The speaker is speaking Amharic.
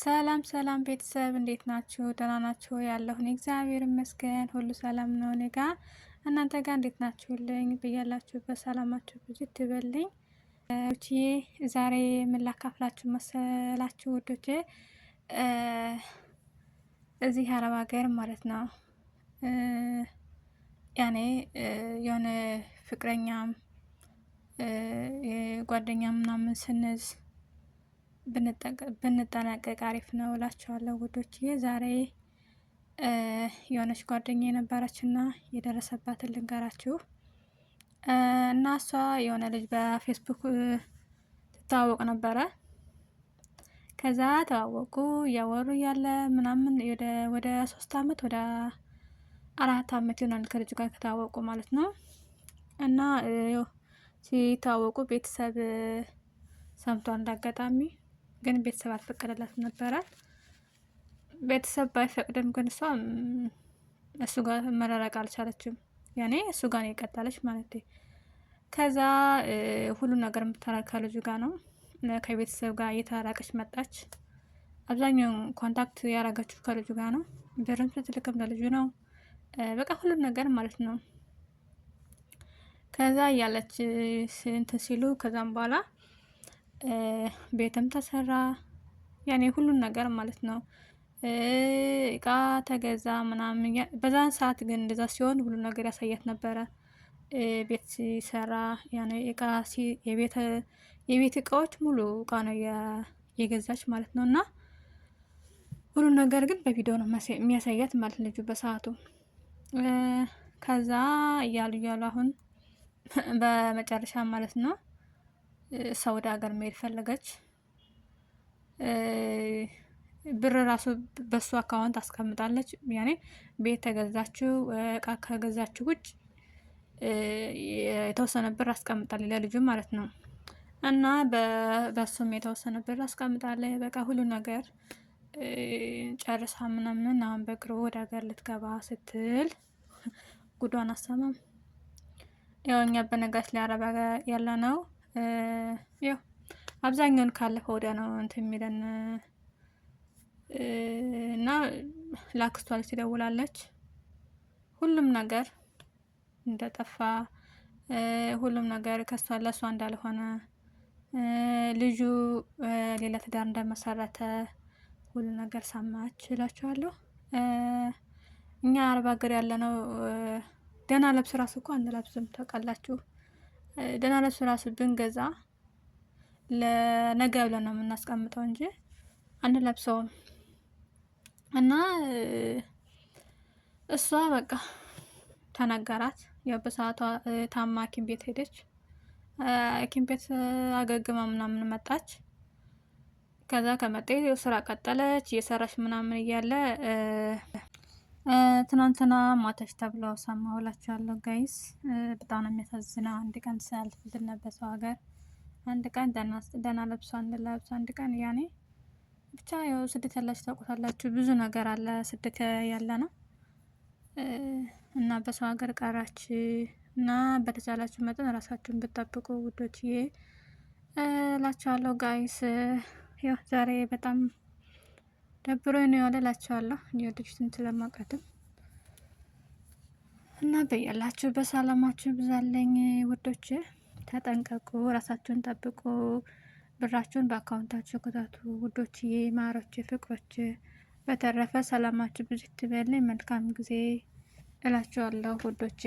ሰላም ሰላም ቤተሰብ እንዴት ናችሁ? ደህና ናችሁ? ያለሁን እግዚአብሔር ይመስገን ሁሉ ሰላም ነው እኔ ጋ። እናንተ ጋር እንዴት ናችሁልኝ? ብያላችሁበት ሰላማችሁ ብዙ ትበልኝ። ውቼ ዛሬ የምላካፍላችሁ መሰላችሁ ወዶቼ እዚህ አረብ ሀገር ማለት ነው ያኔ የሆነ ፍቅረኛም ጓደኛ ምናምን ስንዝ ብንጠናቀቅ አሪፍ ነው እላቸዋለሁ ውዶች። ዛሬ የሆነች ጓደኛ የነበረች እና የደረሰባትን ልንገራችሁ እና እሷ የሆነ ልጅ በፌስቡክ ትተዋወቅ ነበረ። ከዛ ተዋወቁ እያወሩ ያለ ምናምን ወደ ሶስት አመት ወደ አራት አመት ይሆናል ከልጁ ጋር ከተዋወቁ ማለት ነው። እና ሲተዋወቁ ቤተሰብ ሰምቷል እንዳጋጣሚ ግን ቤተሰብ አልፈቀደላት ነበረ። ቤተሰብ ባይፈቅድም ግን እሷ እሱ ጋር መራረቅ አልቻለችም። ያኔ እሱ ጋር ነው የቀጠለች ማለት ከዛ ሁሉ ነገር የምታረቅ ከልጁ ጋር ነው ከቤተሰብ ጋር እየተራራቀች መጣች። አብዛኛውን ኮንታክት ያደረገችው ከልጁ ጋር ነው። ብርም ስትልክም ለልጁ ነው። በቃ ሁሉ ነገር ማለት ነው። ከዛ እያለች እንትን ሲሉ ከዛም በኋላ ቤትም ተሰራ ያኔ ሁሉን ነገር ማለት ነው። እቃ ተገዛ ምናምን። በዛን ሰዓት ግን እንደዛ ሲሆን ሁሉ ነገር ያሳያት ነበረ። ቤት ሲሰራ እቃ የቤት እቃዎች ሙሉ እቃ ነው የገዛች ማለት ነው። እና ሁሉ ነገር ግን በቪዲዮ ነው የሚያሳያት ማለት ልጁ በሰዓቱ ከዛ እያሉ እያሉ አሁን በመጨረሻ ማለት ነው ሰው ወደ ሀገር መሄድ ፈለገች። ብር ራሱ በሱ አካውንት አስቀምጣለች። ያኔ ቤት ተገዛችው እቃ ከገዛችው ውጭ የተወሰነ ብር አስቀምጣለች ለልጁ ማለት ነው። እና በሱም የተወሰነ ብር አስቀምጣለች። በቃ ሁሉ ነገር ጨርሳ ምናምን አሁን በቅርቡ ወደ ሀገር ልትገባ ስትል ጉዷን አሰማም። ያው እኛ በነጋሽ ላይ አረብ ያለ ነው ያው አብዛኛውን ካለፈ ወዲያ ነው እንትን የሚለን እና ለአክስቷ ልጅ ትደውላለች። ሁሉም ነገር እንደጠፋ ሁሉም ነገር ከሷ ለሷ እንዳልሆነ ልጁ ሌላ ትዳር እንደመሰረተ ሁሉ ነገር ሰማች እላችኋለሁ። እኛ አረብ ሀገር ያለነው ደህና ለብስ ራሱ እኮ አንለብስም ታውቃላችሁ። ደህና ለብስ ራሱ ብንገዛ ለነገ ብለን ነው የምናስቀምጠው እንጂ አንለብሰውም። እና እሷ በቃ ተነገራት። ያው በሰዓቷ ታማ ሐኪም ቤት ሄደች። ሐኪም ቤት አገግማ ምናምን መጣች። ከዛ ከመጤ ስራ ቀጠለች እየሰራች ምናምን እያለ ትናንትና ተብሎ ተብለው ሰማሁላችኋለሁ ጋይስ። በጣም ነው የሚያሳዝነው። አንድ ቀን ሲያልፍልን በሰው ሀገር አንድ ቀን ደህና ለብሶ አንድ ለብሶ አንድ ቀን ያኔ ብቻ ያው ስደት ያላችሁ ታውቁታላችሁ። ብዙ ነገር አለ ስደት ያለ ነው እና በሰው ሀገር ቀራች እና በተቻላችሁ መጠን ራሳችሁን ብትጠብቁ ውዶችዬ እላችኋለሁ ጋይስ። ያው ዛሬ በጣም ደብሮ ነው የዋለ እላችኋለሁ። ወደፊትም ስለማውቃትም እና በያላችሁ በሰላማችሁ ብዛለኝ ውዶች፣ ተጠንቀቁ፣ ራሳችሁን ጠብቁ፣ ብራችሁን በአካውንታችሁ ክተቱ ውዶች፣ ማሮች፣ ፍቅሮች። በተረፈ ሰላማችሁ ብዙ ትበልኝ። መልካም ጊዜ እላችኋለሁ ውዶቼ።